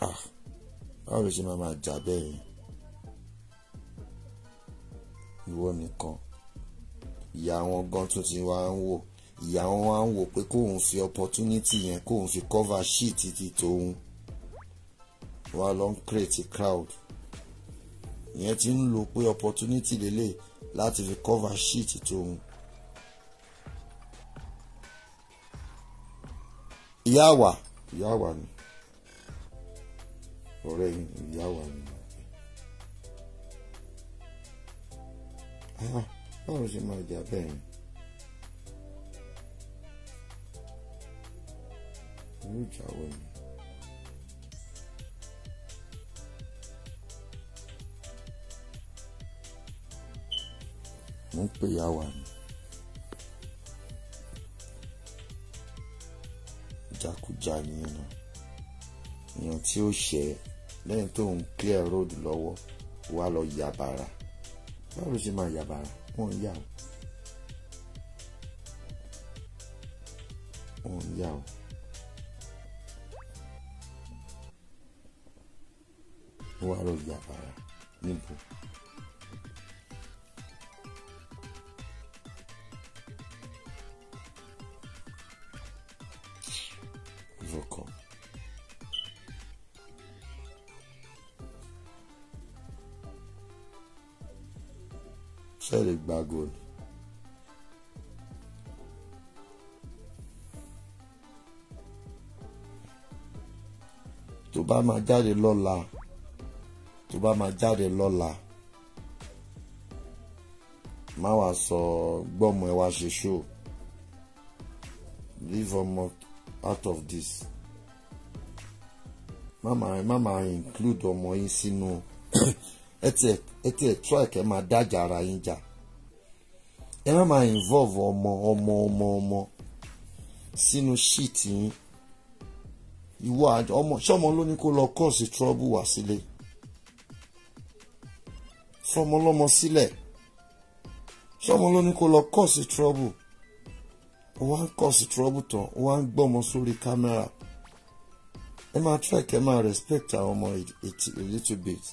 Ah, báwo ló ṣe máa máa jà bẹ́ẹ̀ ìwọ nìkan ìyá wọn gan tún ti wá ń wò ìyá wọn wá ń wò pé kóun fi opportunity yẹn kóun fi cover sheet ti tòun wá lọ ń create crowd ìyẹn ti ń lò pé opportunity lélẹ̀ láti fi cover sheet tòun. ìyá àwà ìyá àwà ni ọ̀rẹ́ ìyá wa ni báwo ṣe máa jà bẹ́ẹ̀ ni irú ìjà wo ni. mo ń lẹ́yìn tó ń clear road lọ́wọ́ wá lọ yàbàrà báwo ló ṣe máa yàbàrà wọ́n ń yà ó wọ́n ń yà ó. wá lọ yàbàrà níbo. Voko. Cztery gbagun. tó bá máa jáde lọ́la tó bá máa jáde lọ́la má wàá sọ gbọ́mọ ẹ wá ṣe ṣó leave ọmọ out of this má máa include ọmọ yín sínú ete ti ẹ try kẹ́ máa ara involve ọmọ ọmọ ọmọ ọmọ sinu shit yín ìwọ àjọ ọmọ ṣọmọ ló ní kó lọ cause trouble wá sílé fọmọlọmọ sílẹ̀ ṣọmọ ló ní kó lọ cause trouble wá ń cause tán wá ń gbọ́mọ sórí kámẹ́rà ẹ máa try kẹ́ máa respect àwọn ọmọ a little bit.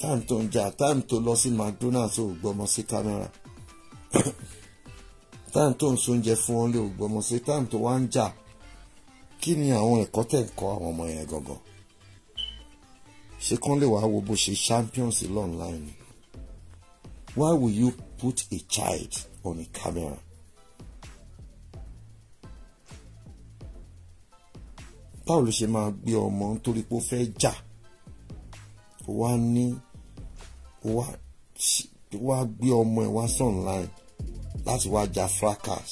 táàmù ń jà táàmù lọ sí McDonald's ò gbọmọ sí kámẹ́rà táàmù ń sóúnjẹ fún wọn lè ò gbọmọ sí táàmù wá ń jà kí ni àwọn ẹ̀kọ́ tẹ̀ ń kọ́ àwọn ọmọ yẹn gangan ṣé kán lè wàá wo bó ṣe champions online ni why will you put a child on a camera Paul, ló ṣe máa gbé ọmọ nítorí pé ó fẹ́ jà wá ní wá gbé ọmọ ẹ̀ wá online láti wá ja fracas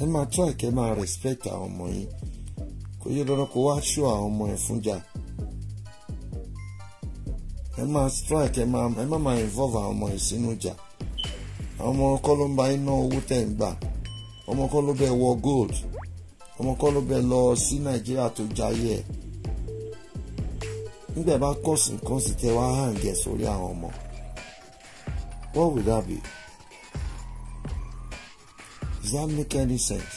ẹ máa tọ́ respect àwọn ọmọ yín kò yẹ dandan kó wá àwọn ọmọ ẹ̀ fúnjà ẹ máa strike ẹ involve àwọn ọmọ ẹ̀ sínú àwọn ọmọ kọ́ ló ń iná ọmọ kọ́ ló wọ gold ọmọ kọ́ ló lọ sí Nàìjíríà tó jayé nígbà bá kọ́ọ̀sì nǹkan sì tẹ wá hàn gẹ̀ sórí àwọn ọmọ what would that be does that make any sense.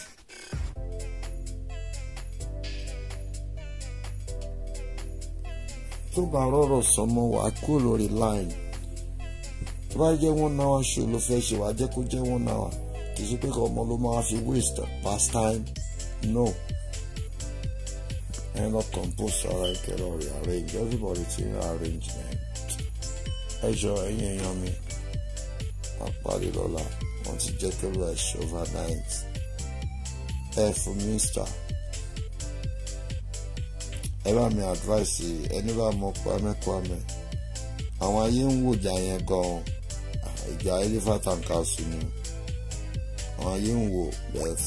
tó bá rọrọ sọmọ wà á kúrò lórí line tó bá jẹ́ one hour show ló fẹ́ ṣe wà á jẹ́ kó jẹ́ one hour kì í ṣe pé ọmọ ló máa fi waste past time no and not compose like ìkẹrẹ ọ̀rẹ́ arrange everybody ti ń arrangement ẹ jọ ẹ̀yin èèyàn mi àparí lọ́la wọ́n ti jẹ́ kí rush overnight ẹ fún mínísítà ẹ bá mi advice ẹni bá mọ Kwame Kwame àwọn ayé ń wòjà yẹn gan-an ìjà elephant and castle ni àwọn ayé ń wò bẹ́ẹ̀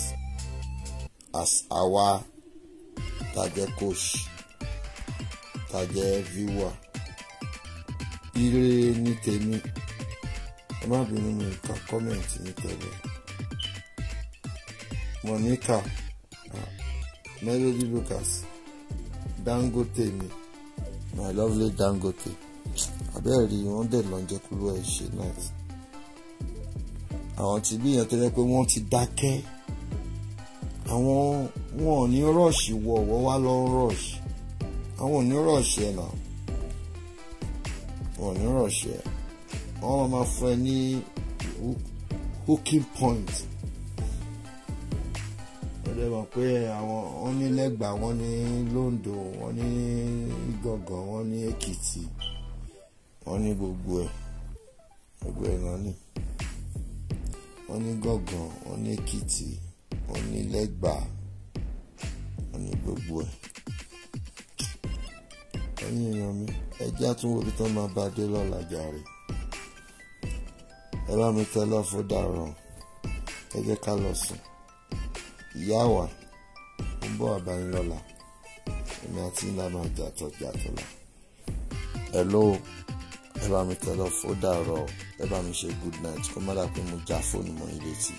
as our tá jẹ́ coach tá jẹ́ viewer ire ní tèmi ẹ má bínú mi ka kọ́mẹ̀ntì ní tẹ̀lé monica ah, melody lucas dangote mi my lovely dangote abẹ́rẹ́ rí wọ́n dẹ̀ lọ́njẹ́ kúrò ẹ̀ ṣe náà àwọn tí bí èèyàn tó yẹ pé wọ́n ti dákẹ́ àwọn wọn ò ní rọ́ọ̀ṣì wọ̀ ọ̀wọ́ wá lọ rọ́ọ̀ṣì àwọn ò ní rọ́ọ̀ṣì ẹ̀ náà wọn ò ní rọ́ọ̀ṣì ẹ̀ wọ́n máa máa fún ẹ ní hooking point wọ́n dẹ̀ mọ̀ pé àwọn wọ́n ní lẹ́gbàá wọ́n ní Lóńdó wọ́n ní Ìgangan wọ́n ní Èkìtì wọ́n ní gbogbo ẹ̀ gbogbo ẹ̀ náà ni wọ́n ní Ìgangan wọ́n ní Èkìtì onílẹ́gbàá òní gbogbo ẹ̀ ẹ̀yin èèyàn mi ẹjẹ́ àtúnwò bí tán máa bá dé lọ́la jàre ẹ bá mi tẹ́ lọ́fọ́ dàrọ̀ ẹ jẹ́ ká lọ sùn ìyá wa ń bọ̀ àbáyé èmi àti ńlá máa jàtọ̀ jàtọ̀ la ẹ lóo ẹ bá mi tẹ́ lọ́fọ́ dàrọ̀ ẹ bá mi ṣe good night kó má dà pé mo já fóònù mọ́ ilé tì